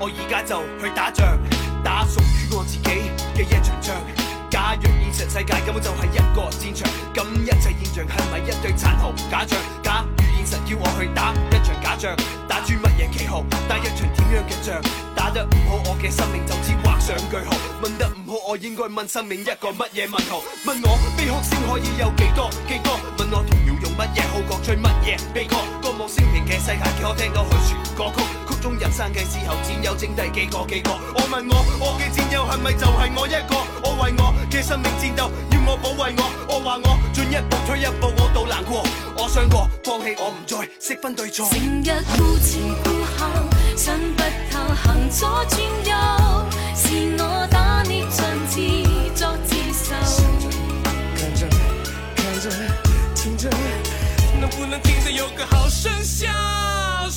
我而家就去打仗，打屬於我自己嘅一場仗。假若現實世界根本就係一個戰場，咁一切現象係咪一堆殘酷假象？假如現實要我去打一場假仗，打住乜嘢旗號，打一場點樣嘅仗？打得唔好，我嘅生命就此畫上句號。問得唔好，我應該問生命一個乜嘢問號？問我悲哭先可以有幾多？幾多？問我同鳥用乜嘢好過追乜嘢悲歌？歌舞升平嘅世界，叫我聽到虛説國歌曲。中人生嘅時候，戰友剩低幾個？幾個？我問我，我嘅戰友係咪就係我一個？我為我嘅生命戰鬥，要我保衛我。我話我進一步退一步，我都難過，我想過，放棄我唔再識分對錯。成日顧前顧後，想不透，行左轉右，是我打逆仗，自作自受。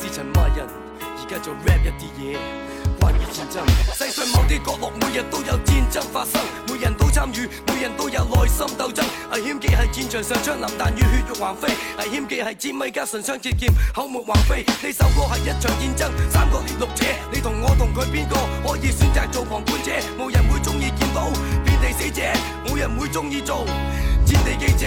事前罵人，而家做 rap 一啲嘢，關於戰爭。世上某啲角落，每日都有戰爭發生，每人都參與，每人都有內心鬥爭。危險既係戰場上槍林彈雨，血肉橫飛。危險既係志麥加唇槍舌劍，口沫橫飛。呢首歌係一場戰爭，三個六者，你同我同佢邊個可以選擇做旁觀者？冇人會中意見到遍地死者，冇人會中意做戰地記者。